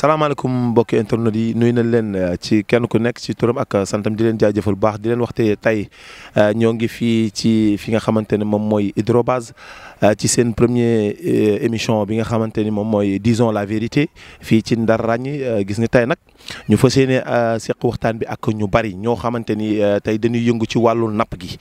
salaamaaleykum mbokki internet yi nuyu nañ leen euh, ci kenn ku nekk ci turam ak euh, santam di leen jaajëfal bu baax di leen waxte tey euh, ñoo ngi fii ci fi nga xamante ne moom mooy hydrobase Euh, ci sen premier euh, émission bi nga xamanteni mom moy disons la vérité fi ci Ndar Raññ euh, gis ni tay nak ñu fassiyene yéene seq waxtaan bi ak ñu bari ñoo xamanteni tay dañuy yëngu ci walu nap gi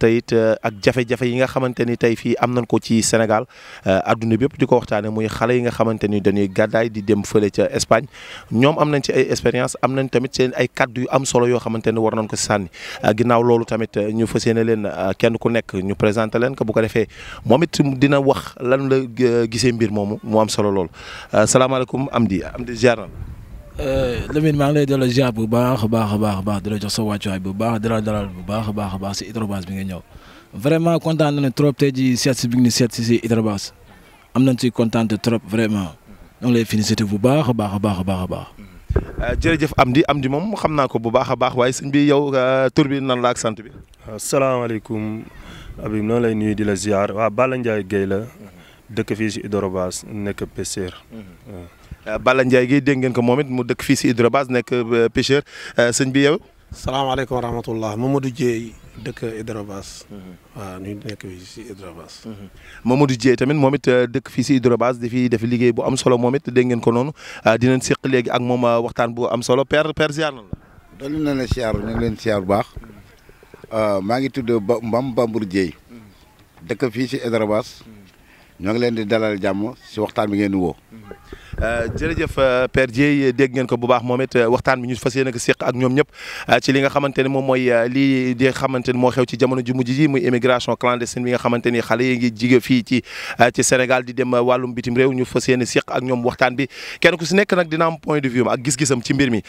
tay it ak jafé jafé yi nga xamanteni tay fi fii am nañ ko ci Sénégal adduna bi yëpp di ko waxtaanee muy xale yi nga xamanteni dañuy gaday di dem feulé ci Espagne ñom am nañ ci ay expérience am nañ tamit seen ay kaddu yu am solo yo xamanteni war nañ ko si sànni ginnaaw loolu tamit ñu fassiyene len kenn ku nekk ñu présenter len ko bu ko défé moom moom it dina wax lan la euh, gisee mbir moomu mu am solo lool euh, salaamaaleykum Amdy Amdy ziar na euh, Lamine maa ngi lay delloo ziar bu baax a baax a baax a baax di la jox sa wàccuwaay bu baax di la dalal bu baax a baax a baax si Hydrobase bi nga kontaan na ne trop tey jii seet si bi nga ñu seet si am nañ si kontaan trop vraiment ñu lay félicité bu baax a baax a baax a baax a baax. jërëjëf Amdy Amdy moom xam naa ko bu baax a baax waaye sëñ bi yaw tur bi nan la ak sant bi. asalaamaaleykum. Habib noonu lay nuyu di la ziar waa Balla Ndiaye Guèye la mm-hmm. dëkk fii si Hydrobase nekk pêcheur. Mm-hmm. Euh, Balla Ndiaye Guèye dégg ngeen ko moom it mu dëkk fii si Hydrobase nekk euh, pêcheur euh, sëñ bi yow. salaamaaleykum wa ma Mamadou Dieye dëkk Hydrobase. Mm-hmm. waaw ñu nekk fii si Hydrobase. Mamadou tamit moom it dëkk fii si Hydrobase di fi def liggéey bu am solo moom it dégg ngeen ko noonu dinañ seq léegi ak moom waxtaan bu am solo père père ziar la. dolli na ngi leen ziar bu baax. Euh, maa ngi tudd Mbam Bambour Dieye dëkk fii si Edara Bass mm. ñoo ngi leen di dalal jàmm si waxtaan bi ngeen woo mm. Euh, jërëjëf euh, per Dieye dégg ngeen ko bu baax moom it euh, waxtaan bi ñu fas yéene ko séq ak ñoom ñëpp ci li nga xamante ne moom mooy lii di ne moo xew ci jamono ju mujj ji muy immigration clandestine bi nga xamante ni xale yi ngi jige fii ci ci di dem wàllum bitim réew ñu fas yéene séq ak ñoom waxtaan bi kenn ku si nekk nag dina am point de vue gis-gisam ci mbir mi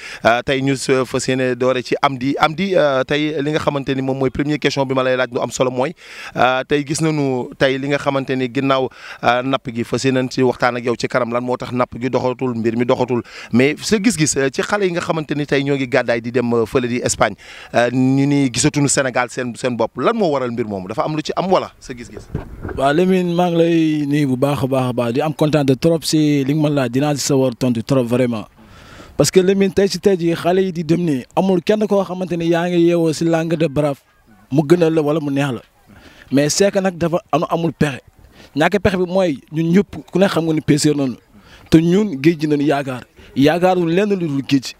tey ñu fas yéene doore ci Amdy Amdy tey li nga xamante ni moom mooy première question bi ma lay laaj lu am solo mooy tey gis nañu tey li nga xamante ni ginnaaw napp gi fas yéene ci waxtaan ak yow ci karam lan moo tax napp gi doxatul mbir mi doxatul mais sa gis-gis euh, ci xale yi nga xamante ni tey ñoo ngi gàddaay di dem euh, fële di Espagne euh, ñu ni gisatuñu Sénégal seen seen bopp lan moo waral mbir moomu dafa am lu ci am wala sa gis-gis. waaw Lamine maa ngi lay nuyu bu baax a baax a baax di am kontaan de trop li nga ma laaj dinaa si sawar tontu vraiment. parce que Lamine tey si tey jii xale yi di dem nii amul kenn koo xamante ni yaa ngi yeewoo si langue de brave mu gënal la wala mu neex la mais c'est nag dafa amul pexe ñàkk pexe bi mooy ñun ñëpp ku ne xam nga ni péssé noonu te ñun géej gi nañu yaakaar yaakaarul lenn lu dul géej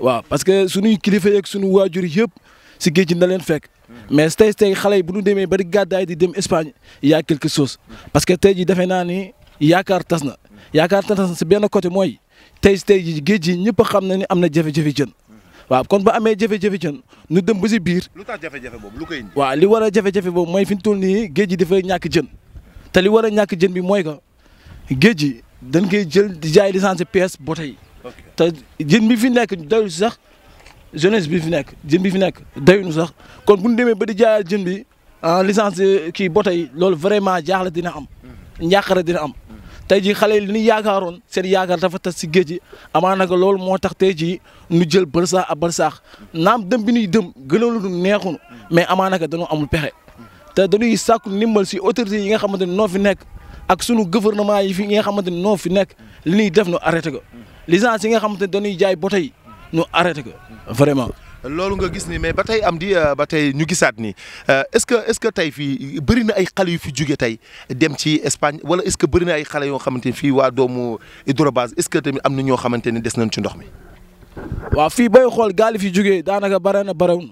waaw parce que suñuy kilifa yeeg suñu waajur yëpp si géej gi na leen fekk mais tey tey xale yi bu ñu demee bari gàddaay di dem Espagne yaa quelque chose parce que tey jii defe naa ni yaakaar tas na yaakaar tas na si benn côté mooy tey tey jii géej gi ñëpp xam na ni am na jafe-jafe jën. waaw kon ba amee jafe-jafe jën nu dem ba si biir. lu tax jafe boobu lu koy waaw li war a jafe-jafe boobu mooy fi ñu toll nii géej gi dafay ñàkk jën te li war a ñàkk jën bi mooy que géej gi dañ koy jël di jaay licence PS bote yi. te jën bi fi nekk dayul sax jeunesse bi fi nekk jën bi fi nekk dayuñu sax kon bu ñu demee ba di jaayal jën bi ah, licence eh, kii bote yi loolu vraiment jaaxle dina am. Hmm. njàqare dina am. Hmm. tey jii xale yi li ñu yaakaaroon seen yaakaar dafa tas si géej gi amaana nag loolu moo tax tey jii ñu jël barsaax ak barsaax hmm. naam dem bi ñuy dem gënalu ñu neexuñu mais amaana nag dañoo amul pexe te dañuy sàkku ndimbal si autorités yi nga xamante ne noo fi nekk. ak sunu gouvernement yi fi nga xamante ni noo fi nekk ni ñuy def nu arrêté ko licence yi nga xamante ni dañuy jaay bote yi nu arrêté ko vraiment. loolu nga gis ni mais ba tey am di euh, ba tey ñu gisaat ni euh, est-ce que est-ce que tey fii bëri na ay xale yu fi jóge tey dem ci Espagne wala est-ce que bëri na ay xale yoo xamante ni fii waa doomu hydrobase est-ce que tamit am na ñoo xamante ne des nañ ci ndox mi. waaw fii bay xool gaal fi jugee daanaka bare na barewul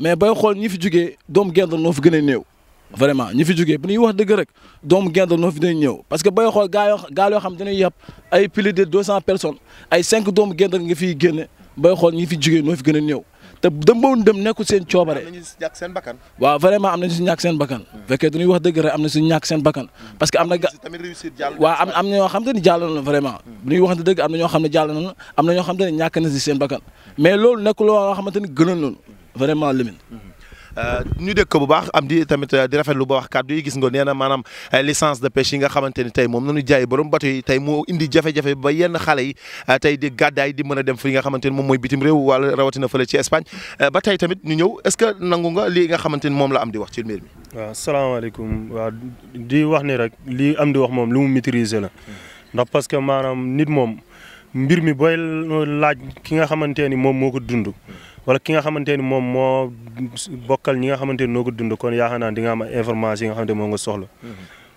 mais bay xool ñi fi jugee doomu gerte noo fi gën néew. vraiment ñi fi jógee bu ñuy wax deug rek doomu gendal no fi day ñew parce que bay xol gaay yoo gaa yoo xam dañuy yàpp ay plus de 200 personnes ay 5 doomu gendal nga fi génne bay xol ñi fi jógee no fi gëna ñew ñëw te dem ba dem nekkul seen coobare. am nañu si seen bakkan. waaw vraiment amna nañu ñak seen bakan bu fekkee dañuy wax deug rek amna na ñak seen bakan parce que amna na. tamit réussir jàll waaw am am ñoo xam dañu jall na vraiment. bu ñuy wax dëgg am ñoo xam ne jall na amna na ñoo xam dañu ñak na si seen bakan mais lool nekkul lo xamante ni gënoon noonu vraiment limite Euh, ñu dégg ko bu baax am di tamit euh, di rafetlu ba wax kàddu yi gis nga nee na maanaam euh, licence de pêche yi nga xamante ni tey moom nañu jaay borom bato yi tey moo indi jafe-jafe ba yenn xale yi tey di gàddaay di mën a dem fi nga xamante ni moom mooy bitim réew wala rawatina fële ci Espagne ba tey tamit ñu ñëw est-ce que nangu nga lii nga xamante ni moom la am di wax ci mbir mi. salaamaaleykum di wax ni rek lii am wax moom lu mu maîtriser la hmm. parce que maanaam nit moom mbir mi boy laaj ki nga xamanteni ni moko dundu wala ki nga xamanteni ni mo bokal ñi nga xamanteni ni dundu kon ya xana di nga am information yi nga xamanteni mo nga soxla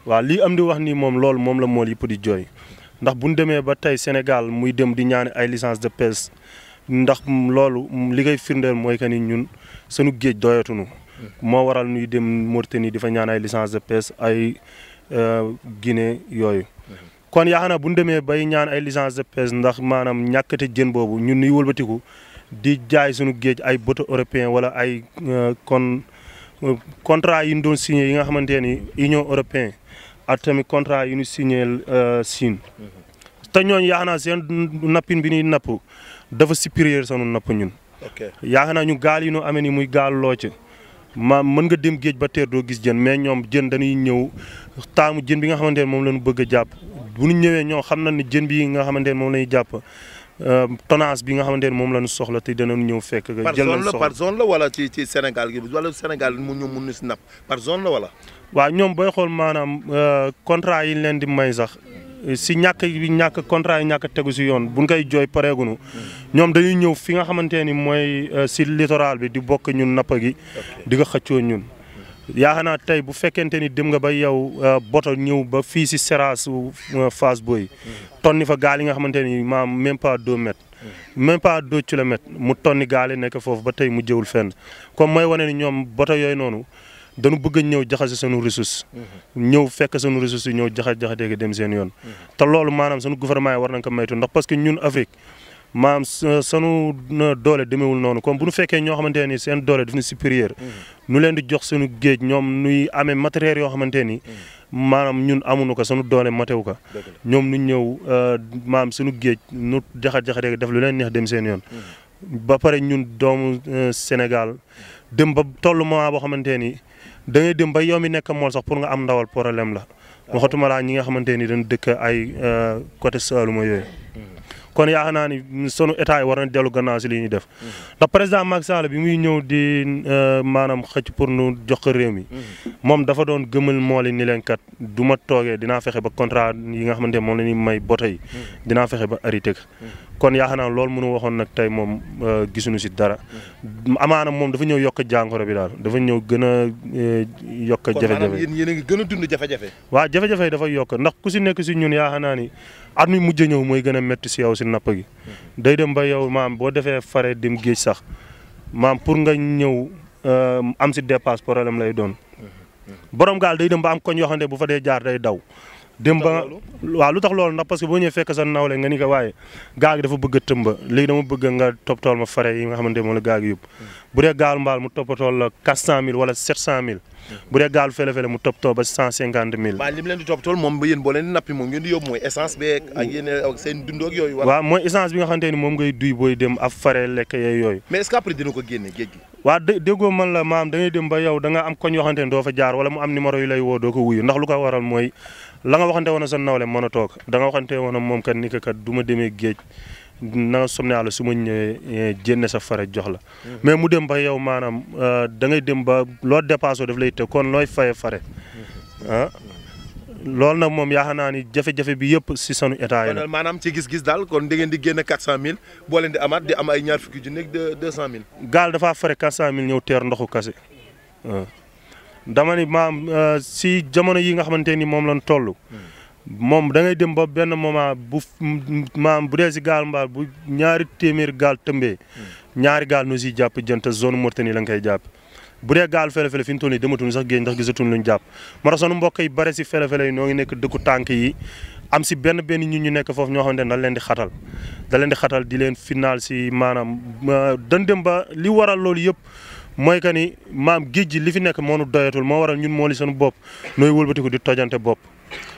wa li am di wax ni mom lool mom la mool yëpp di joy ndax buñ démé ba tay Sénégal muy dem di ñaan ay licence de pêche ndax loolu li koy firndeel mooy ni ñun sunu géej doyatuñu mo waral ñuy dem Mauritanie di fa ñaan ay licence de pêche ay euh, Guinée yooyu kon yaakaar naa bu ñu bay ñaan ay licence de pêche ndax maanaam ñàkkate jën boobu ñun ñuy wëlbatiku di jaay suñu géej ay bateau européen wala ay euh, kon euh, contrat yi ñu doon signé yi nga xamante ni union européen ak tamit contrat yi ñu signé euh, Chine. Mm-hmm. te ñooñu yaakaar naa seen nappin bi ñuy napp dafa supérieur sunu napp ñun. yaakaar ñu gaal amee ni muy gaal loo maam mën nga dem géej ba teer doo gis jën mais ñoom jën dañuy ñëw taamu jën bi nga xamante ne moom la ñu bëgg a jàpp bu ñu ñëwee ñoo xam na ne jën bi nga xamante ne moom la jàpp euh, tonnage bi nga xamante ne moom la ñu soxla te danañ ñëw fekk. jël nañ soxla par zone la wala ci ci Sénégal gi wala Sénégal mu ñu mun si napp par zone la wala. waaw ñoom booy xool maanaam euh, contrat yi leen di may sax. si ñàkk bi ñàkk contrat yi ñàkk tegu si yoon buñ koy jooy pareegunu ñoom dañuy ñëw fi nga xamante ni mooy euh, si littoral bi di bokk ñun napp gi di nga xëccoo ñun yaakaar naa tey bu fekkente ni dem nga ba yow euh, boto ñëw ba fii si seraasu euh, Fass Boye tonni fa gaal yi nga xamante ni maam même pas deux mètres même pas deux mu tonni gaal yi nekk foofu ba tey mu jëwul fenn comme mooy wane ni ñoom boto yooyu noonu dañu bëgg a ñëw jaxase sunu ressource mhm. ñëw fekk sunu ressource yi ñëw jaxase jaxase dem seen yoon mhm. te loolu maanaam sunu gouvernement yi war nañ ko maytu ndax parce que ñun Afrique maanaam euh, sunu euh, doole demewul noonu comme bu ñu fekkee ñoo xamante ni seen doole daf ñu supérieur nu mhm. leen di jox sunu géej ñoom nuy amee matériel yoo xamante ni maanaam ñun amuñu ko sunu doole matewu ko ñoom nu ñëw euh, maanaam sunu géej nu jaxat jaxat def lu leen neex dem seen yoon ba pare ñun doomu Sénégal dem ba tollu moment boo xamante ni da ngay ba yow mi nekk mool sax pour nga am ndawal problème la ah. waxatuma laa ñi nga xamante ni dañ dëkk ay euh, côté Saloum yooyu. Hmm. kon yaakaar naa ni sunu état yi war na dellu gannaa si li ñuy def. ndax président Macky Sall bi muy ñëw di euh, maanaam xëcc pour nu jox ko réew mi. moom dafa doon gëmël mool yi ni leen kat du ma toogee dinaa fexe ba contrat yi nga xamante ne moom la ñuy may boto yi. dinaa fexe ba arrêté ko. kon yaakaar loolu mënu waxoon nag tey moom euh, gisuñu si dara. amaana moom dafa ñëw yokk jàngoro bi daal dafa ñëw gën a euh, yokk jafe-jafe. kon maanaam yéen gën a dund jafe-jafe. waaw yi dafa yokk ndax ku si nekk si ñun yaakaar naa ni at mi mujj ñëw mooy gën a métti si yow si napp gi mm-hmm. day dem ba yow maam boo defee fare dem géej sax maam pour nga ñëw euh, am si dépasse problème lay doon mm-hmm. borom gaal day dem ba am koñ yoo xam ne bu fa dee jaar day daw dem ba waaw lu tax loolu ndax parce que boo ñëwee fekk sa nawle nga ni ko waaye gaal gi dafa bëgg a tëmba léegi dama bëgg nga toppatool ma fare yi nga xamante moom la gaal gi yóbbu mm-hmm. bu dee gaal mbaal mu toppatool la quatre cent mille wala sept cent mille bu dee gaal fële-fële mu toppatoo ba cent cinquante mille. waaw li mu leen di toppatoo moom ba yéen boo leen di nappi moom ngeen di yóbbu mooy essence beeg bi nga xamante moom ngay duy booy dem af fare lekk yeeg yooyu. ko génne géej gi. waaw dé man la maam da dem ba yow da nga am koñ yoo xamante ni doo fa jaar wala mu am numéro yu lay woo doo ko wuyu ndax lu ko waral mooy la nga waxante woon sa nawle mën a toog da nga waxante woon moom kat ni kat du demee géej na somnaalo su ma ñëwee jénne eh, sa fare jox la mm-hmm. mais mu dem ba yow maanaam euh, da ngay dem ba loo dépassé daf lay tëg kon looy faye fare mm-hmm. ah loolu nag moom yaakaar naa ni jafe-jafe bi yëpp si sunu état yi maanaam ci gis-gis daal kon da ngeen di génne quatre cent mille boo leen di amaat di am ay ñaar fukki junni ak deux cent mille. gaal dafaa fare quatre cent mille ñëw teer ndoxu kase ah. dama ni maam euh, si jamono yi nga xamante ni moom lañ toll. Mm. moom da ngay dem ba benn moment bu maam bu dee si gaal mbaal bu ñaari téeméer gaal tëmbee hmm. ñaari gaal ñu si jàpp jën te zone Mauritanie la koy jàpp bu dee gaal fele-fele fi ñu toll nii sax géej ndax gisatuñu luñ jàpp moo tax sunu mbokk yi bare si fele-fele yi ngi nekk dëkku tànk yi am si benn benn ñun ñu nekk foofu ñoo xamante ne dañ leen di xatal da leen di xatal di leen final si maanaam dañ dem ba li waral loolu yëpp mooy que ni maam giij gi li fi nekk moo nu doyatul moo waral ñun moo li sunu bopp nooy wëlbatiku di tojante bopp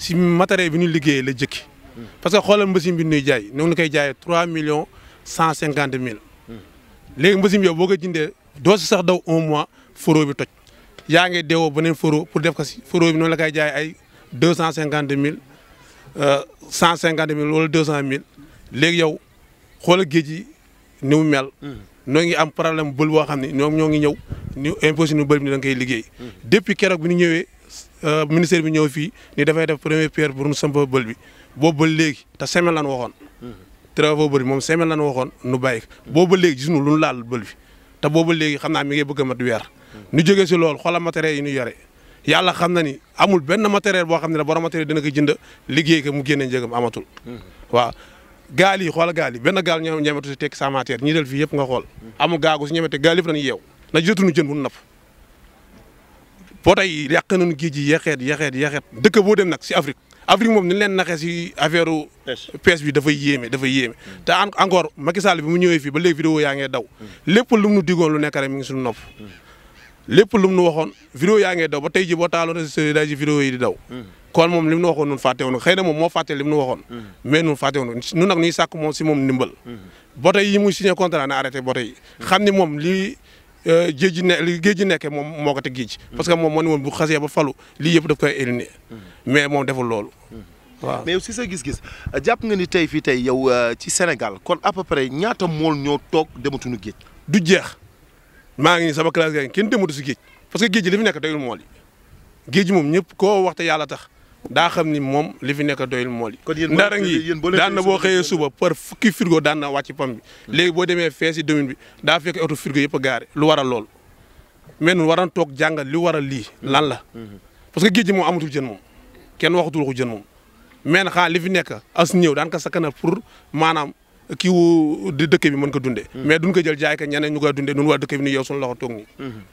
si matériel bi ñu liggéeyee la jëkki parce que xoolal mbasim bi ñuy jaay ñu ngi koy jaayee trois millions cent cinquante mille léegi mbasim yow boo ko jëndee doo sax daw un mois foro bi toj yaa ngi deewoo beneen foro pour def ko si foro bi noonu la koy jaay ay deux cent cinquante mille euh, cent cinquante mille wala deux cent mille léegi yow xoolal géej gi ni mu mel noo ngi am problème bël boo xam ne ñoom ñoo ngi ñëw ñu imposé nu bëri bi ni koy liggéey mm. depuis keroog bi ñu ñëwee ministère bi ñëw fii ni defee def première pierre pour mu samp bël bi boobu ba léegi te semaine lan waxoon travaux bël bi moom semaine lan waxoon nu bàyyi boobu ba léegi gis nu lu nu laal bël bi te boobu ba léegi xam naa mi ngi bëgg a mat weer ñu jógee si loolu xoolal matériel yi ñu yore yàlla xam na ni amul benn matériel boo xam ne la borom matériel dina ko jënd liggéey ko mu génne njëgam amatul waaw gaal yi xoolal gaal yi benn gaal ñoo ñemetu si tekki sa matière ñii fii yëpp nga xool amul gaagu si ñemete gaal yëpp dañuy yeew na jotunu jën bu photo yi yàq nañu géej yi yaxeet yaxeet yaxeet dëkk boo dem nag si Afrique Afrique moom ni leen naxee si affaire pêche bi dafay yéeme dafay yéeme mm. te encore Macky Sall bi mu ñëwee fii ba léegi vidéo yaa ngee daw mm. lépp lu mu nu digoon lu nekk rek mi ngi suñu nopp mm. lépp lu mu nu waxoon vidéo yaa ngee daw ba tey ji boo taaloon réseaux day yi di daw kon moom li mu nu waxoon nun fàtte woon xëy moom moo fàtte li mu nu waxoon mais nun fàtte woon nun nag ñuy sàkk moom si moom ndimbal yi muy signé contrat na arrêté moom li Euh, géej gi ne li géej gi nekkee moom moo ko géej parce que moom moo ne woon bu xasee ba falu lii yëpp daf koy éliminer mm-hmm. mais moom deful loolu mm-hmm. waaw mais si sa gis-gis jàpp nga ni tey fii tey yow euh, ci Sénégal kon à ñaata mool ñoo toog dematuñu géej du jeex maa ngi nii sama classe ga kenn dematu si géej parce que géej gi li fi nekk doyul mool yi géej moom ñëpp koo waxte yàlla tax daa xam ni moom li fi nekk doyul mool yi ndara ngi daan na boo xëyee suba par fukki frigo daan na wàcc pam bi hmm. léegi boo demee fee si domaine bi daa fekk oto frigo yëpp a gaare lu wara lool mais nun waran toog jàngal li waral lii hmm. lan la hmm. parce que géej gi moom amatul jën moom kenn waxatul ko jën moom mais nag xanaa li fi nekk as ñëw daan ko sakkanal pour maanaam kiiwu di dëkk bi mën ko dundee. Hmm. mais duñ ko jël jaay ka ñeneen ñu koy dundee ñun waa dëkk bi ni yow suñu loxo hmm,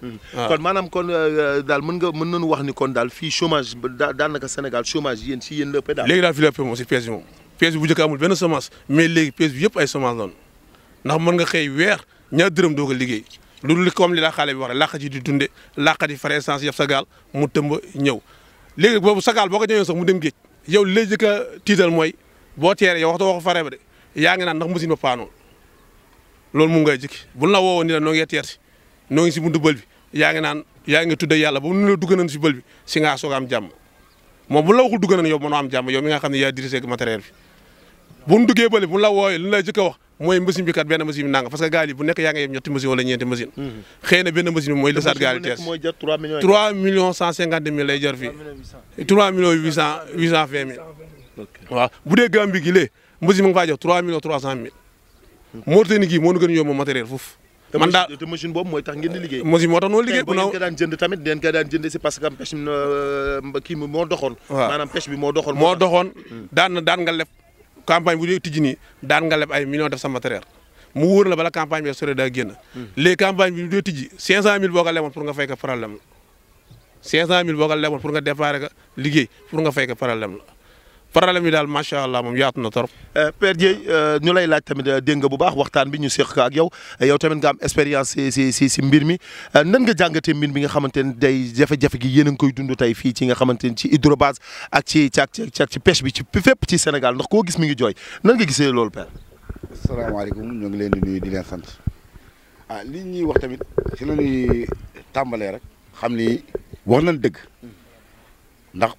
hmm, ah. kon maanaam kon euh, euh, daal mën nga mën nañu wax ni kon daal fii chômage daa daanaka Sénégal chômage yéen si yéen lépp daal. léegi daal fii lépp moom si pièce bi moom pièce bi bu njëkk benn semence mais léegi pièce bi yëpp ay semence lañu ndax mën nga xëy weer ñaar dërëm doo ko liggéey li kom li la xaale bi wax rek làqat yi di dunde làqat yi fare essence yëpp sa gaal mu tëmb ñëw léegi boobu sa boo ko ñëwee sax mu dem yow léegi jëkk mooy boo teeree yow waxtu waxu fare ba yaa ngi naan ndax machine ba paanool loolu moom ngay jikki bu la woowoon ni la noo ngi yetti noo si buntu bël bi yaa ngi naan yaa ngi tudde yàlla ba nu la dugg si bël bi si ngaa soog a am jàmm moom bu la waxul dugg nañ yow mënoo am jàmm yow mi nga xam yaa dirigé matériel bi bu duggee bël bi la wooyee lu lay jëkk a wax mooy machine bi kat benn machine bi nanga parce que gaal yi bu nekk yaa ngi yem ñetti machine wala mhm. yi jar fii trois millions mbësi mu ngi faa jox 3 millions 300 mille. Mauritanie gii moo ñu gën yomb matériel foofu. man daal te machine boobu mooy tax ngeen liggéey. machine moo tax noonu liggéey. bu ngeen ko daan jënd tamit deen daan euh, moo doxoon. moo doxoon. moo doxoon daan nga leb campagne bu dee tijji nii daan nga leb ay millions def sa matériel mu wóor la bala campagne bi sore daa génn. Hmm. les campagnes bi bu dee tijji 500000 boo ko leboon pour nga fay ko nga déparé ko liggéey pour nga fay ko problème la. problème yi daal macha allah moom yaatu na trop. Euh, Père Dieye euh, ñu lay laaj tamit euh, dégg nga bu baax waxtaan bi ñu séq ko ak yow yow tamit nga am expérience si si si mbir mi nan nga jàngatee mbir mi nga xamante ne day jafe-jafe gi yéen a ngi koy dund tey fii ci nga xamante ni ci hydrobase ak ci ci ak ci pêche bi ci fépp ci Sénégal ndax koo gis mi ngi jooy nan nga gisee loolu Père. asalaamaaleykum ñoo ngi leen di nuyu di leen sant ah li ñuy wax tamit ci la ñuy tàmbalee rek xam ni wax nañ dëgg ndax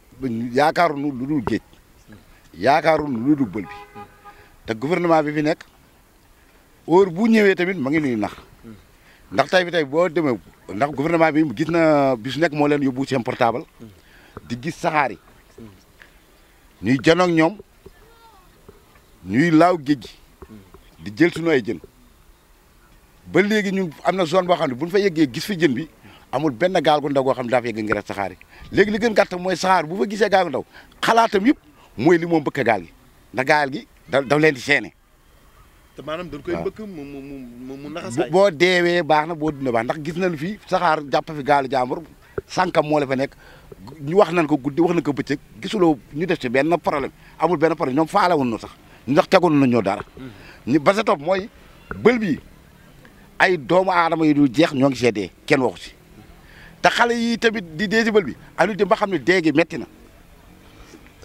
lu dul yaakaarul lu dul bël bi te gouvernement bi fi nekk heure bu ñëwee tamit ma ngi nii nax ndax tey bi tey boo demee ndax gouvernement bi mu gis na bis nekk moo leen yóbbu seen portable di gis saxaari yi ñuy janoog ñoom ñuy laaw géej gi di jël suñu ay jën ba léegi ñu am na zone boo xam ne bu ñu fa yeggee gis fa jën bi amul benn gaal gu ndaw goo xam ne daa fa yegg ngir saxaar yi léegi li gën gàtt mooy saxaar bu fa gisee gaal gu ndaw xalaatam yëpp mooy li moom bëkk gaal gi ndax gaal gi da daf leen seene te dañ koy bëkk mu mu mu boo deewee baax na boo dund baax ndax gis nañ fi saxaar jàpp fi gaalu jàmbur sànkam moo la fa nekk ñu wax nañ ko guddi wax nañ ko bëccëg gisuloo ñu def ci benn problème amul benn problème ñoom faale woon na sax ndax tegoon na ñoo dara hmm. ñu ba sa topp mooy bël bi ay doomu aadama yi dul jeex ñoo ngi seedee kenn waxu si te xale yi tamit di dee si bël bi alu dem xam ne dee gi metti na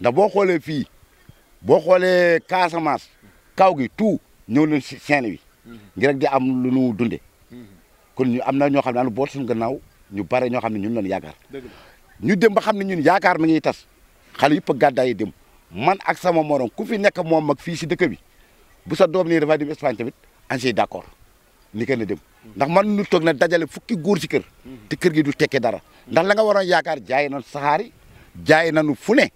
ndax boo xoolee fii boo xoolee Casamance kaw gi tout ñëw nañ si Saint-Louis ngir rek di am lu nu dunde kon ñu am na ñoo xam ne daanu boot suñu gannaaw ñu bare ñoo xam ne ñun lañu yaakaar ñu dem ba xam ne ñun yaakaar mi ngi tas xale yëpp a gàddaay dem man ak sama morom ku fi nekk moom mag fii si dëkk bi bu sa doom nii dafay dem Espagne tamit ansi d' accord ni kenn dem ndax man ñu toog na dajale fukki guur si kër te kër gi du tekkee dara ndax la nga waroon yaakaar jaay nañu saxaari jaay nañu fu ne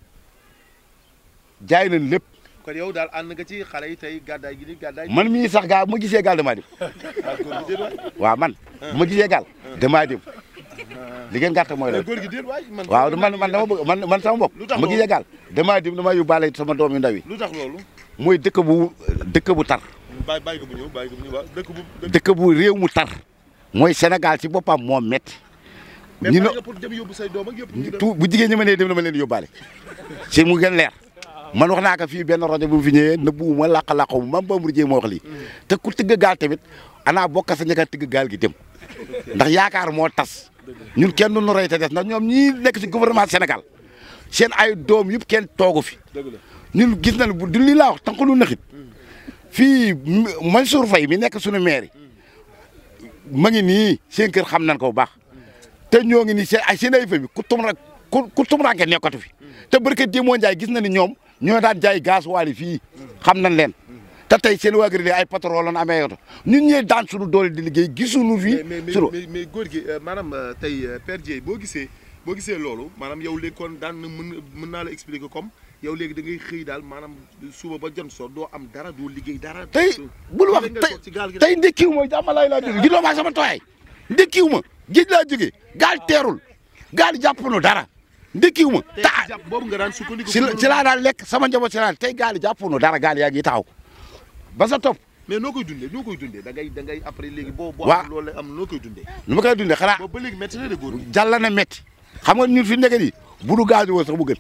jaay nañ lépp. kon yow daal ànd nga ci xale yi tey gàddaay gi nii gàddaay. man mii sax gaa bu ma gisee gaal damaa dem. Ah, waaw man ma gisee gaal ah. damaa dem li ngeen gàtt mooy ah. loolu. waaw man man dama bëgg man man sama bopp. lu tax ma gisee gaal damaa dem damaa yóbbaale sama doom yu ndaw yi. lu tax loolu. mooy dëkk bu dëkk bu tar. bàyyi bàyyi ko bu ñëw bu ñëw mu tar mooy Sénégal ci boppam moo métti. ñu ne pour dem yóbbu say doom ak yëpp. bu jigéen ñi ma nee dem na ma leen yóbbaale ci mu gën leer man wax naa ko fii benn rajo bu fi ñëwee nëbbuwuma làq-làq bu mam bambour jee ma wax lii te ku tëgg gaal tamit anaa bokka sa ñaka tëgg gaal gi dem ndax yaakaar moo tas ñun kenn duñu roy te des ndax ñoom ñii nekk ci gouvernement Sénégal seen ay doom yëpp kenn toogu fi ñun gis nañu bu du lii laa wax tànqalu naxit fii Mansour Faye mi nekk suñu maire ma ngi nii seen kër xam nañ ko bu baax te ñoo ngi nii seen ay seen ay famille ku tumra ku tumranke nekkatu fi te barke Diemo Ndiaye gis na ni ñoom ñoo daan jaay gaz waali fii xam nañ leen te tey seen waa kër ay pétrole lañ amee yoto ñun ñooy daan suñu doole di liggéey gisuñu fii. sur mais mais góor gi euh, maanaam euh, tey euh, Père Dieye boo gisee boo gisee loolu maanaam yow léegi kon daan mën mën naa la expliquer kom yow léegi da ngay daal maanaam suba ba jëm soo doo am dara doo liggéey dara. tey bul wax tey tey ndekkiw ma jàmmalaay laa jógee gi doo ma sama tooyaay ndekkiw ma géej laa jógee gaal teerul gaal jàppanu dara. ndékkiwuma ta boobu nga daan sukkandiku ci laa daan lekk sama njaboot ci laa tey gaal yi jàppoon dara gaal yaa ngi taxaw ba sa topp mais noo koy dundee noo koy dundee da ngay da ngay après léegi boo boo am loolu am noo koy dunde nu ma koy dundee xanaa ba léegi métti na de góor jàll na métti xam nga ñun fi nekk nii bu du woo sax gën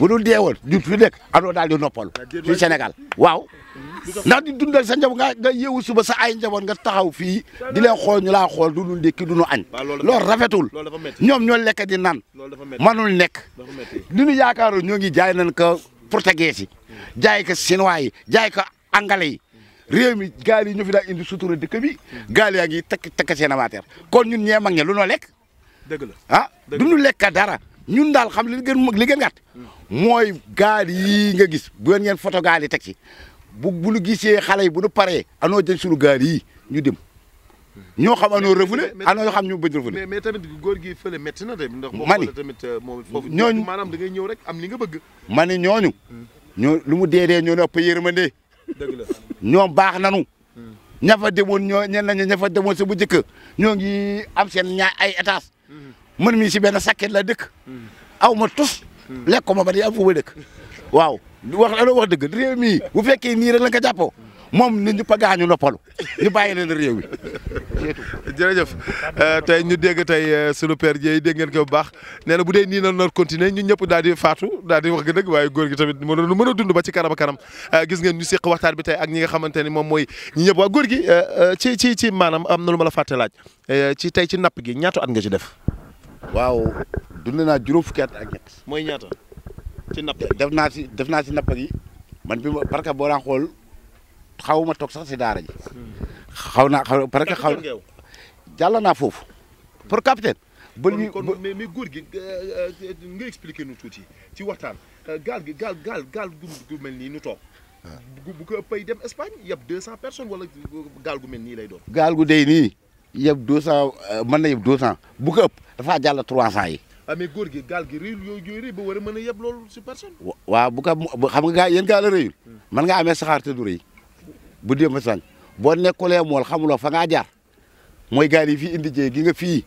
bu dul deewoon du fi nekk andoo daal di noppalu fii Sénégal waaw ndax di dundal sa njaboot nga nga yeewu ba sa ay njaboot nga taxaw fii di leen xool ñu laa xool du ñu ndékki du ñu añ loolu rafetul ñoom ñoo lekk di nan manul nekk li ñu yaakaaroon ñoo ngi jaay nañ ko portugais yi jaay ko chinois yi jaay ko anglais yi réew mi gaal yi ñu fi daal indi sutura dëkk bi gaal yaa ngi takk takk seen amateur kon ñun ñee mag ñe lu noo lekk dëgg la ah du ñu lekk dara ñun daal xam li gën li gën gàtt hmm. mooy gaal yii nga gis bu leen ngeen photo gaal yi teg ci bu bu nu gisee xale yi bu nu paree anoo jël suñu gaal yii ñu dem. ñoo xam anoo refoulé anoo xam ñu bëj refoulé. mais mais tamit góor gi fële métti na de. ndax boo xoolee tamit euh, moom foofu ñooñu maanaam da ngay ñëw rek am li nga bëgg. ma ne ñooñu. ñoo lu mu dee dee ñoo ëpp yërmande. dëgg la ñoom baax nanu ña fa demoon ñoo ñen nañu ña fa demoon sa bu njëkk ñoo ngi am seen ñaa ay étage. Mm-hmm. man mii si benn sakket la dëkk. Mm-hmm. aw ma tus. lekk ko ma ba day am fu ma dëkk waaw wax la wax dëgg réew mii bu fekkee nii rek la nga jàppoo moom nit ñu pagaañu noppalu ñu bàyyi leen réew mi. jërëjëf euh, tey ñu dégg tey euh, sunu père Dieye dégg ngeen ko bu baax nee na bu dee nii na noor continuer ñu ñëpp daal faatu daadi wax nga dëgg waaye góor gi tamit mënoon mën a dund ba ci kanam kanam euh, gis ngeen ñu seq waxtaan bi tey ak ñi nga xamante ni moom mooy ñi ñëpp waa góor gi ci ci ci maanaam am na lu ma la fàtte laaj ci tey ci napp gi ñaat at nga ci def. waaw dund naa juróom fukki ak ñett. moy ñata ci nap def naa si def naa si napp gi man bi ma parce que boo daan xool sax ci daara ji. xawna xaw parce que xaw jalla na fofu pour capitaine. ba ni kon mais mais góor gi euh, euh, nga expliqué nu tuuti ci waxtan euh, gal gi gal gal gaal gu mel ni nu tok ah. bu ko ëppay dem Espagne yab 200 personnes wala gal gu mel ni lay do gal gu dey ni yab 200 man na yab 200 bu ko ëpp dafaa jàll 300 yi. ami góor gi gaal gi réyul yooyu yooyu rëy ba war a mën a yeb loolu si personne. waaw bu ko xam nga gaa yéen gaal a rëyul man nga amee saxaar te du rëy bu démb sañ boo nekkulee mool xamuloo fa ngaa jaar mooy gaal yi fii indi jee gi nga fii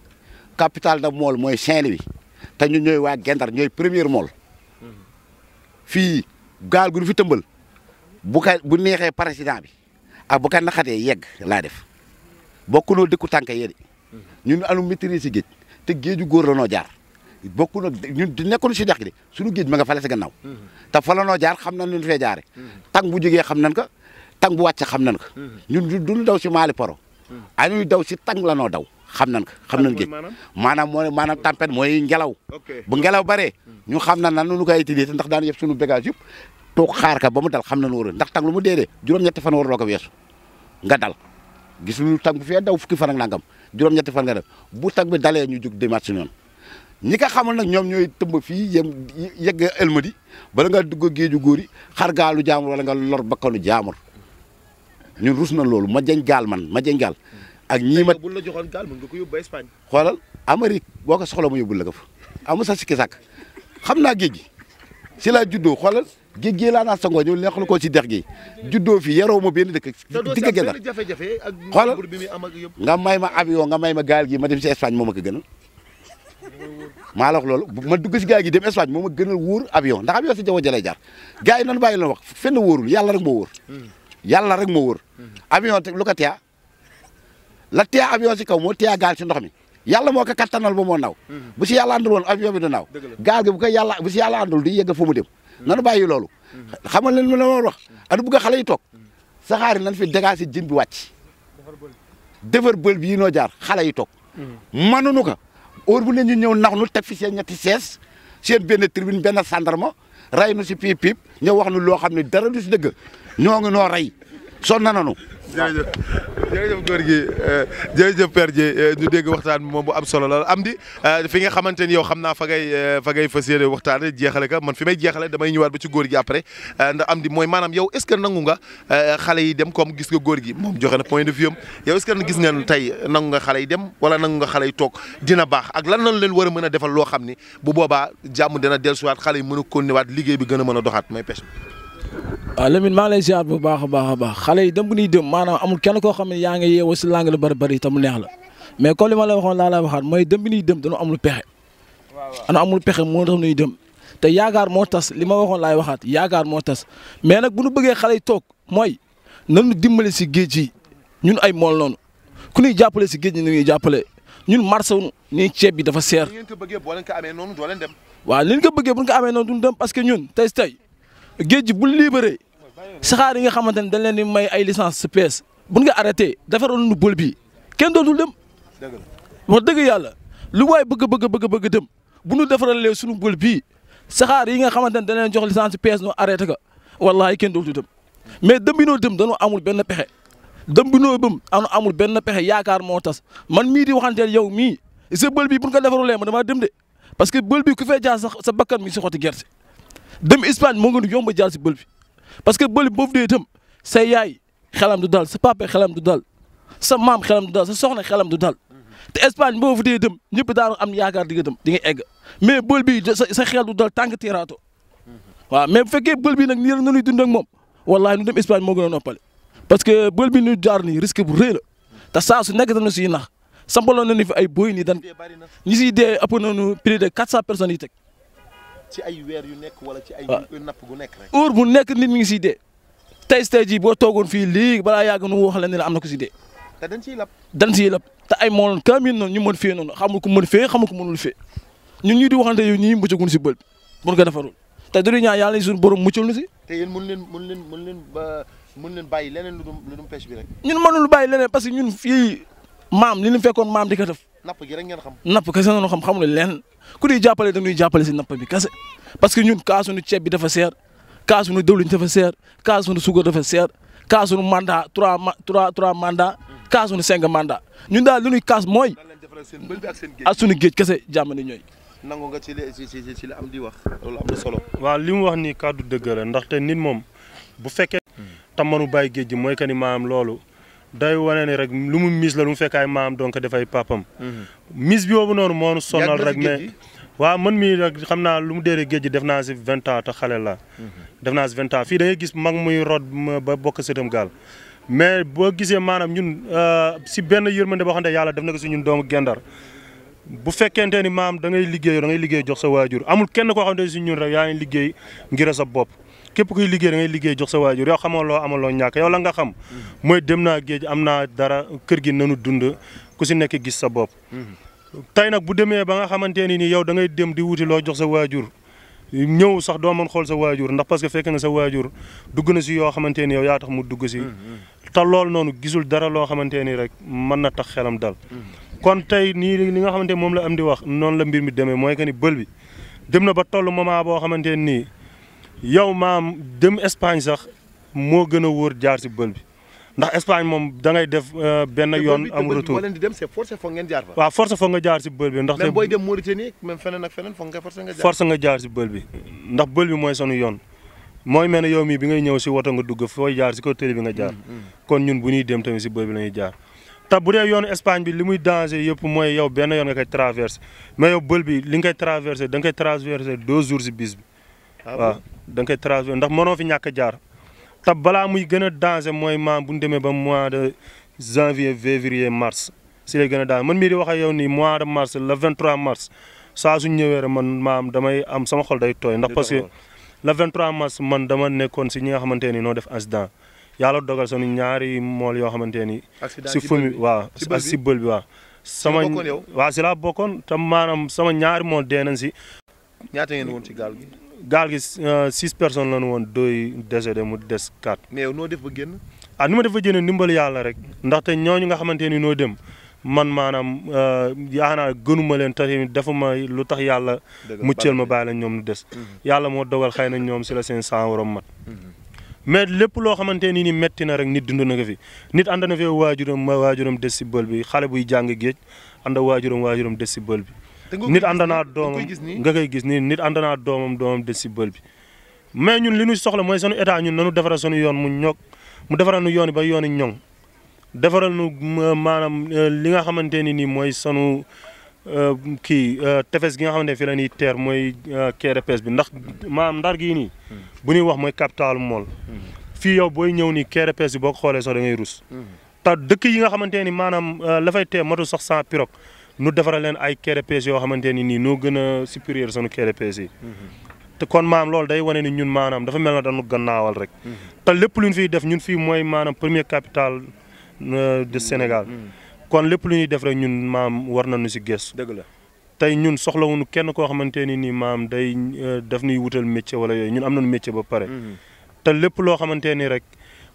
capital da mool mooy Saint-Louis te ñun ñooy waa Gendar ñooy premier mool fii gaal gu fi tëmbal bu ka bu neexee président bi ak bu ka naxatee yegg laa def bokkuloo dëkku tànk yéen ñun anu maîtrise si te géeju góor la noo jaar bokku nag ñun si dex gi de suñu géej ma nga fale sa gannaaw mm-hmm. te fa la noo jaar xam nañ luñ fee jaare mm-hmm. tàng bu jógee xam nañ ko tàng bu wàcce xam nañ ka mm-hmm. ñun duñu daw si maali poro añuy daw si tàng la noo daw xam nañ ka xam nañ géej maanaam mooy maanaam tempête mooy ngelaw bu ngelaw baree ñu xam nañ nan nunu koy utiliser ndax daan yëpp suñu bagage yëpp toog xaar ka ba mu dal xam nañ war ndax tàng lu mu déedee juróom-ñetti fan waruloo ko weesu nga dal gis lu tàng bu fee daw fukki fan ak nangam juróom-ñetti fan nga bu tàng bi dalee ñu jóg demaat si noonu ñi ka xamul nak ñom ñoy tëmb fi yem yegg Elmadi bala nga dugg géeju goori xar gaalu jaamur wala nga lor bakkanu jaamur ñun rus na lolu ma jeng gal man ma jeng gal ak ñi ma bu la joxon gal mu nga ko yobbe Espagne. xolal amerique boko soxla ma la gaf amu sa sikki sak xamna naa ci la juddo xolal juddoo la na sango ñu naa ko ci dex gi juddo fi yero ma ben dekk digga gën xolal nga may ma avion nga may ma gi ma dem ci Espagne mo ma ko gënal maa la wax loolu ma dugg si gaal gi dem Espagne moo gënal wóor avion ndax avion si jaww ji lay jaar gars yi nan bàyyi la wax fenn wóorul yàlla rek moo wóor yàlla rek moo wóor avion te lu ko teya la teya avion si kaw mo teya gaal si ndox mi yàlla moo ko kattanal ba moo naw bu si yàlla àndul woon avion bi du naaw gaal gi bu ko yàlla bu si yàlla àndul di yegg fu mu dem nanu bàyyi loolu xam nga la wax adu bëgg xale yi toog saxaar nan fi dégager jën bi wàcc defar bël bi yi jaar xale yi toog mm-hmm. manunu ko heure bu ne ñu ñëw nax nu teg fi seen ñetti sees seen benn tribune benn gendarme rey nu si piip piip ñëw wax nu loo xam ne dara du si dëgg ñoo ngi noo rey na nu jërëjëf gi euh, jërëjëf Père Dieye euh, dégg waxtaan bi moom bu am solo la am di euh, fi nga xamante ni yow xam naa fa ngay fa ngay fas yéene waxtaane jeexale ka man fi may jeexale damay ñëwaat ba ci góor gi après ndax am di mooy maanaam yow est-ce que nangu nga xale yi dem comme gis nga góor gi moom joxe na point de vue am yow est-ce que gis nga tey nangu nga xale yi dem wala nangu nga xale yi toog dina baax ak lan lañ leen war a mën a defal loo xam ni bu boobaa jàmm dina dellusiwaat xale yi mën a continuer waat liggéey bi gën a mën a doxaat may pêche waaw ah, Lamine maa ngi lay ziar bu baax a baax a baax xale yi dem bu ñuy dem amul kenn koo xam ne yaa ngi yeewoo si langue lu bari bari te mu neex la mais comme li ma la waxoon laa la waxaat mooy dem bi ñuy amul pexe. moo tax ñuy dem te yaakaar moo tas li ma waxoon laay waxaat yaakaar moo tas mais nag bu ñu bëggee xale yi toog mooy nañu dimbali si géej yi ñun ay mool noonu ku ñuy jàppale si géej gi ñuy jàppale ñun marché wu ñu ceeb bi dafa seer. ni ngeen ko bëggee boo bu que ñun tey tey géej gi bu libéré saxaar yi nga xamante ne dañ leen di may ay lissance su pees buñ nga arrêté defaroon nu bël bi kenn dootul dem. wax dëgg yàlla lu waay bëgg bëgg bëgg bëgg dem bu ñu defaralee suñu bël bii saxaar yi nga xamante ne dañ jox licence su pees noo arrêté ko wallahi kenn dootul dem mais dem bi noo dem dañoo amul benn pexe dem bi noo bëm amul benn pexe yaakaar moo tas man mii di waxanteel yow mii sa bël bii buñ ko defarulee ma damaa dem de parce que bël bi ku fee jaar sa sa bakkan mi si xotti gerte. dem Espagne moo gën a yomb a jaar si bël parce que bël bi boobu dee itam sa yaay xelam du dal sa papa xelam du dal sa maam xelam du dal sa soxna xelam du daal te Espagne boo fa dee itam ñëpp daan am yaakaar di nga dem di nga egg mais bël bi sa sa xel du dal tànk teeraatoo waaw mais bu fekkee bël bi nag nii rek na dund moom wallaahi nu dem Espagne moo gën a noppale que bël bi ñu jaar ni risque bu rëy la te saa su nekk dañu siy nax sampaloon nañu fi ay boy nii dañ ñi siy dee ëpp nañu plus de 400 personnes yi teg. ci ay weer yu nekk wala ci ay. napp gu nekk rek. heure bu nekk nit mi ngi siy dee. tey tey jii boo toogoon fii lii balaa yàgg nu wax la la am na ko si dee. te dan siy lab te ay mooloon kaamil noonu ñu mën fee noonu xamul ko mën fee xamul ko mënul fee ñun ñii di waxante yow ñii mbëccagul si bël mun te du ñaan yàlla suñu borom muccul ñu si. te yéen leen mën leen mën leen mën leen bàyyi leneen lu dul lu dul pêche bi rek. ñun bàyyi leneen parce que ñun fii maam li ñu fekkoon maam di ko def napp gi rek ngeen xam. napp kese la ñu xam xamuñu leen ku ñuy jàppale dañuy jàppale si napp bi kese parce que ñun kaasuñu ceeb bi dafa seer kaasuñu diwlin dafa seer kaasuñu sugar dafa seer kaasuñu mandat trois ma trois trois mandat kaasuñu cinq mandat ñun daal lu ñuy kaas mooy. ak suñu géej kese jàmm ñooy. nangu nga ci li ci ci li am di wax loolu am na solo. waaw li mu wax nii kàddu dëgg la ndaxte nit moom bu fekkee. tamanu bàyyi géej gi mooy que ni maanaam loolu. day wane ne rek lu mu mis la lu mu fekk maam donc dafay papam mis mhm. bi yoobu noonu moo sonal rek mais waaw man mii rek xam naa lu mu deeree géej gi def naa si vingt ans te xale la mhm. def naa si vingt ans fii da gis mag muy rod ba bokk sëtam gaal mais boo gisee maanaam ñun euh, si benn yërmande boo xam ne yàlla def na ko si ñun doomu gendar bu fekkente ni maam dangay liggéey da ngay liggéey jox sa waajur amul kenn koo xam ne si ñun rek yaa ngi liggéey ngir sa bopp képp kuy liggéey da ngay liggéey jox sa waajur yow xamoo loo amaloo ñàkk yow la nga xam mm-hmm. mooy dem naa géej am naa dara kër gi nanu dund ku si nekk gis sa bopp mm-hmm. tey nag bu demee ba nga xamante ni nii yow da ngay dem di wuti loo jox sa waajur ñëw sax doo mën xool sa waajur ndax parce que fekk na sa waajur dugg na si yoo xamante ni yow yaa tax mu dugg si mm-hmm. ta loolu noonu gisul dara loo xamante ni rek mën na tax xelam dal kon tey nii li nga xamante moom la am wax noonu la mbir mi demee mooy que ni bël bi dem na ba toll moment boo xamante nii yow maam dem Espagne sax moo gën a wóor jaar si bël bi ndax Espagne moom da ngay def euh, benn yoon am retour leen di dem c'est forcé foog ngeen jaar fa waaw forcé foog nga jaar si bël bi ndax même booy dem Mauritanie même feneen ak feneen foog nga forcé nga bël bi ndax bël bi mooy sunu yoon mooy mel ne yow mii bi ngay ñëw si woto nga dugg fooy jaar si ko télé bi nga jaar mm, mm. kon ñun bu ñuy dem tamit si bël bi la ñuy jaar te bu dee yoon Espagne bi li muy danger yëpp mooy yow benn yoon nga koy traversé mais yow bël bi li nga koy traversé da nga koy traversé deux si bis bi ah waaw da nga koy traversé ndax mënoo fi ñàkk jaar ta balaa muy gën a danger mooy maam bu ñu demee ba mois de janvier février mars si lay gën a danger man mii di wax ak yow nii mois de mars le 23 mars saa su ñëwee man maam damay am sama xol day tooy. ndax parce que le 23 mars man dama nekkoon si ñi nga xamante ne noo def accident yàlla dogal sunu ñaari mool yoo xamante ni. si fumi waaw si bël bi waaw. sama waaw si laa bokkoon ta maanaam sama ñaari mool dee si. ñaata ngeen woon ci gaal gi. gaal gi euh, six personnes la ñu woon doy décédé mu des quatre. mais yow def ba génn. ah ma def ba génn ndimbal yàlla rek ndaxte ñooñu nga xamante ni noo dem man maanaam euh, yaanaa gënuma leen tamit defuma lu tax yàlla. muccal ma bàyyi la ñoom ñu des. Mhm. yàlla moo dogal xëy na ñoom si la seen sang waroon mat. Mhm. mais lépp loo xamante ni ni metti na rek nit dund na ko fi nit ànd na fee waajuram waajuram des si bël bi xale buy jàng géej ànd waajuram waajuram des si bël bi. nit àndanaa doomam nga koy gis nii nit àndanaa doomam doomam des si bël bi mais ñun li ñu soxla mooy sunu état ñun nanu defara sunu yoon mu ñog mu defara nu yoon ba yoon i ñoŋ defaral nu maanaam euh, li nga xamante ni nii mooy sunu euh, kii euh, tefes gi nga xamante ne fii la ñuy teer mooy quai de bi ndax maanaam ndar gii nii hmm. bu ñuy wax mooy capital mool hmm. fii yow booy ñëw nii quai de bi boo ko xoolee sax da ngay rus hmm. ta dëkk yi nga xamante ni maanaam la fay tee matu sox sans pirogue nu defaral leen ay quai de yoo xamante ni nii noo gën a supérieur sunu quai de pêche yi. te kon maam loolu day wane ni ñun maanaam dafa mel na dañu gannaawal rek. te lépp lu ñu fiy def ñun fii mooy maanaam premier capital euh, de Sénégal. kon lépp lu ñuy def rek ñun maam war nañu si gëstu. dëgg la tey ñun soxlawuñu kenn koo xamante ni nii maam day euh, daf ñuy wutal métier wala yooyu ñun am nañu métier ba pare. Mm-hmm. te lépp loo xamante ni rek.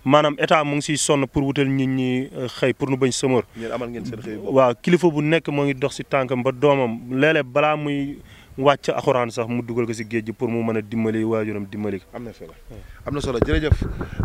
maanaam état mu ngi siy sonn pour wutal nit ñi euh, xëy pour nu bañ sëmër. amal ngeen seen xëy waaw kilifa bu nekk moo ngi dox si tànkam ba doomam léeg-léeg balaa muy. wàcc axuraan sax mu dugal ko si géej gi pour mu mën a dimbali waajuram dimbali ko. am na solo am jëf solo jërëjëf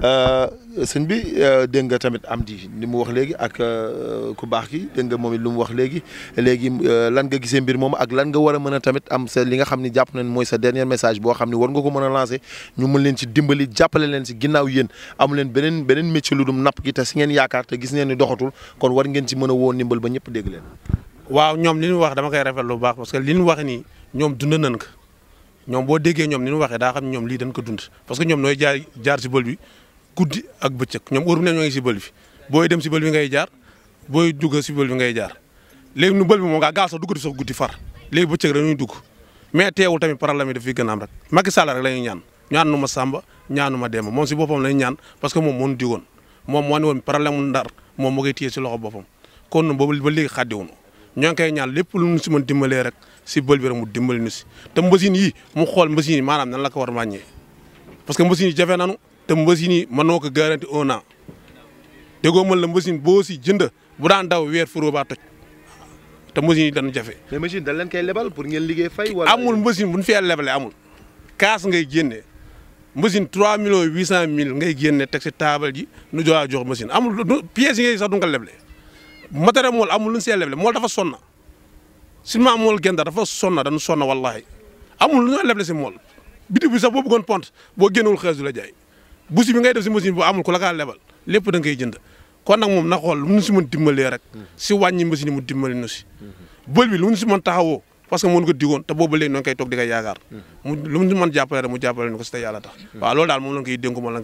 euh, sëñ bi euh, dégg nga tamit am di ni mu wax léegi ak euh, ku baax ki dégg nga moom it lu mu wax léegi léegi lan nga gisee mbir moom ak lan nga war a mën a tamit am sa li nga xam ni jàpp nañ mooy sa dernier message boo xam ni war nga ko mën a lancer ñu mën leen ci dimbali jàppale leen si ginnaaw yéen amu leen beneen beneen métier lu dum napp ki te si ngeen yaakaar te gis neen ni doxatul kon war ngeen ci mën a woo ba ñëpp dégg wax dama ñom dund nañ ko ñom bo déggé ñom ni ñu waxé da xam ñom li dañ ko dund parce que ñom noy jaar jaar ci bël bi guddi ak bëccëg ñom heure bu ne ñoo ngi bi boy dem ci bël bi ngay jaar boy dugg ci bël bi ngay jaar légui ñu bël bi mo nga gaaso dugg ci sax guddi far légui bëccëg dañu dugg mais téwul tamit problème yi fi gëna am rek Macky Sall rek lañu ñaan ñaanuma Samba ñaanuma Demba mom ci bopam lañu ñaan parce que mom mo ñu digoon mom mo ne woon problème ndar mom mo ngay téye ci loxo bopam kon bo ba légui xadi ñoo ñong kay ñaan lepp lu ñu ci mën dimbalé rek si bël bi rek mu dimbali ñu si te machine yi mu xool machine yi maanaam nan la ko war a wàññee parce que machine yi jafe nañu te machine yi mënoo ko garanti un an déggoo mën la machine boo si jënd bu daan daw weer furoo baa toj te machine yi dañu jafe. mais machine dañ leen koy lebal pour ngeen liggéey fay. wala amul machine bu ñu fee lebale amul kaas ngay génne machine 3 millions 800 mille ngay génne teg si taabal ji nu jox jox machine amul pièces yi ngay nga ko lebalee matériel amul lu ñu see lebalee mool suñ ma mool Guet-Ndar dafa sonna dañu sonna wallahi amul lu ñu leble si mool bitig bi sax boo bëggoon pont boo génnewul xaalis du la jaay busi bi ngay def si machine bi amul ku la kaa lebal lépp da nga koy jënd kon nag moom na xool lu mu si mën dimbalee rek si wàññi machine mu dimbali nu si mm-hmm. bël bi lu mu si mën taxawoo parce que mënu ko digoon te boobu léegi noonu koy toog di ko yaakaar mm-hmm. lu mu mën jàppale rek mu jàppale ne ko si te yàlla tax mm-hmm. waaw loolu daal moom la nga koy dénku loolu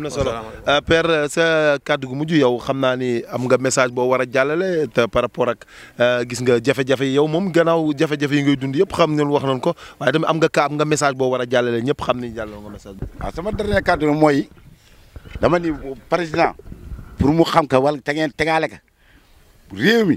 euh, euh, yow xam naa ni am nga message boo war a jàllale par rapport ak euh, gis nga jafe-jafe yi yow moom gannaaw jafe-jafe yi ngay dund yëpp xam nañ wax nañ ko waaye tamit am nga ka am nga message boo war a jàllale ñëpp xam ni jàllal nga ah, mooy dama ni président pour mu xam ka wala tegeen tegaale ka réew mi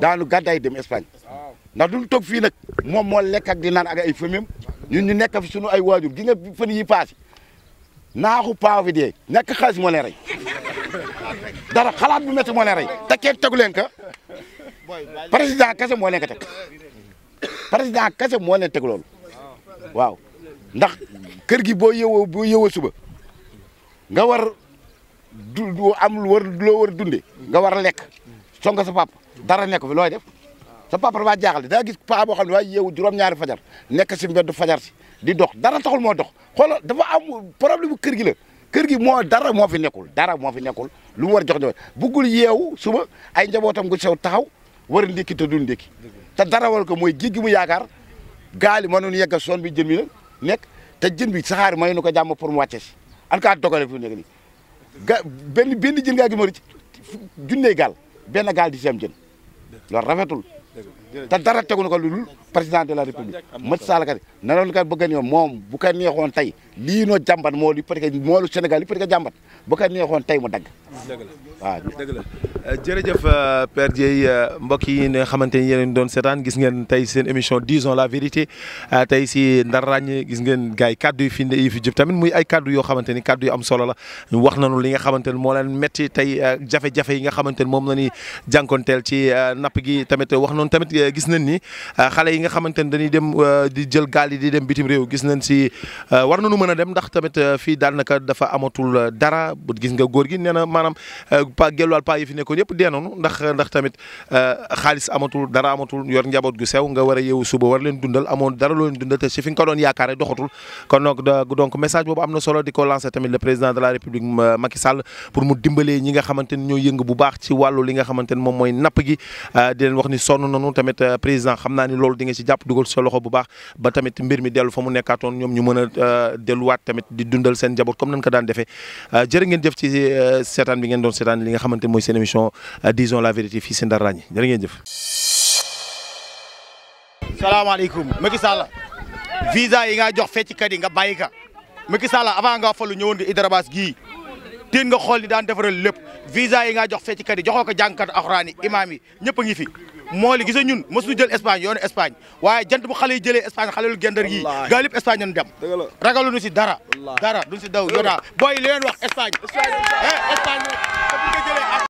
daanu gàddaay dem Espagne ndax duñ toog fii nag moom moo lekk ak di naan ak ay famille ñun ñu nekk fi suñu ay waajur gi nga fan yi paase naaxu paaw fi dee ñàkk xaalis moo leen dara xalaat mu métti moo leen rey te kee tegu leen ka président kese moo leen ko teg président kese teg loolu waaw ndax kër gi boo yëwoo boo yëwoo suba nga war du am war loo war dunde nga war a lekk songa sa papa dara nek fi loy def sa papa ba jaxal da gis pa bo xamni way waaye yeewu ñaari fajar nek ci mbeddu fajar si di dox dara taxul mo dox xol dafa am problème bu gi la keur gi mo dara mo fi nekul dara mo fi nekul lu war jox jox bugul yeewu suba ay njabotam gu sew taxaw war ndiki te du ndiki te dara wal ko moy géej mu yaakar gaal yi yegg son bi jëmmi bi te jëm bi saxar may nu ko jamm pour mu wàcce si en cas dogale fi nek ni ben ga benn ga gi ma rëcc junney di seem jën loolu rafetul te dara teguñu ko lu dul président de la république Macky Sall kat na lu ko bëgg ñoom moom bu ko neexoon tey lii noo jàmbat moo li parce que moo lu Sénégal li parce que jàmbat bu ko neexoon tey mu dagg. dëgg la waaw dëgg la euh, jërëjëf euh, Père Dieye euh, yi ne doon seetaan gis ngeen tey seen émission disons la vérité tey si ndar ràññ gis ngeen gars yi kaddu yi fi yi fi jub tamit muy ay kaddu yoo xamante ni kaddu yu am solo la wax nañu li nga xamante ni moo leen métti tey jafe-jafe yi nga xamante ni moom la ñuy jànkonteel ci napp gi tamit wax noonu tamit Euh, gis nañ ni euh, xale yi nga xamante ni dañuy dem euh, di jël gaal yi di dem bitim réew gis nañ si war nañu mën a dem ndax tamit fii daanaka dafa amatul dara bu gis nga góor gi nee na maanaam pa gelluwaal pa yi fi nekkoon yëpp dee noonu ndax ndax tamit xaalis amatul dara amatul yor njaboot gu sew nga war a yeewu suba war leen dundal amoon dara loo leen dundal te si fi nga ko doon yaakaare doxatul kon donc donc message boobu am na solo di ko lancer tamit le président de la r Macky Sall pour mu dimbalee ñi nga xamante ni ñoo yëngu bu baax ci wàllu li nga xamante ni moom mooy tamit euh, président xam naa ni loolu di nga ci jàpp dugal sa loxo bu baax ba a euh, delluwaat tamit di dundal ko daan defee euh, jërë ngeen jëf ci seetaan bi ngeen doon li nga xamante mooy seen émission disons la vérité fii si Ndar Raññi jërë ngeen jëf. salaamaaleykum Macky visa yi nga jox fecckat yi nga bàyyi ka Macky Sall avant nga falu ñëwoon di Idara Baas gii tiin nga xool ni daan defaral lépp visa yi nga jox fecckat yi joxoo ko jàngkat alxuraan yi imaam yi ñëpp a ngi fi. mooy li gis ñun mësu jël Espagne yone Espagne waye jant bu xalé jëlé Espagne xalé lu gendar yi gaal Espagne ñu dem ragalu ñu si dara dara duñ si daw yoda boy li leen wax Espagne Espagne eh,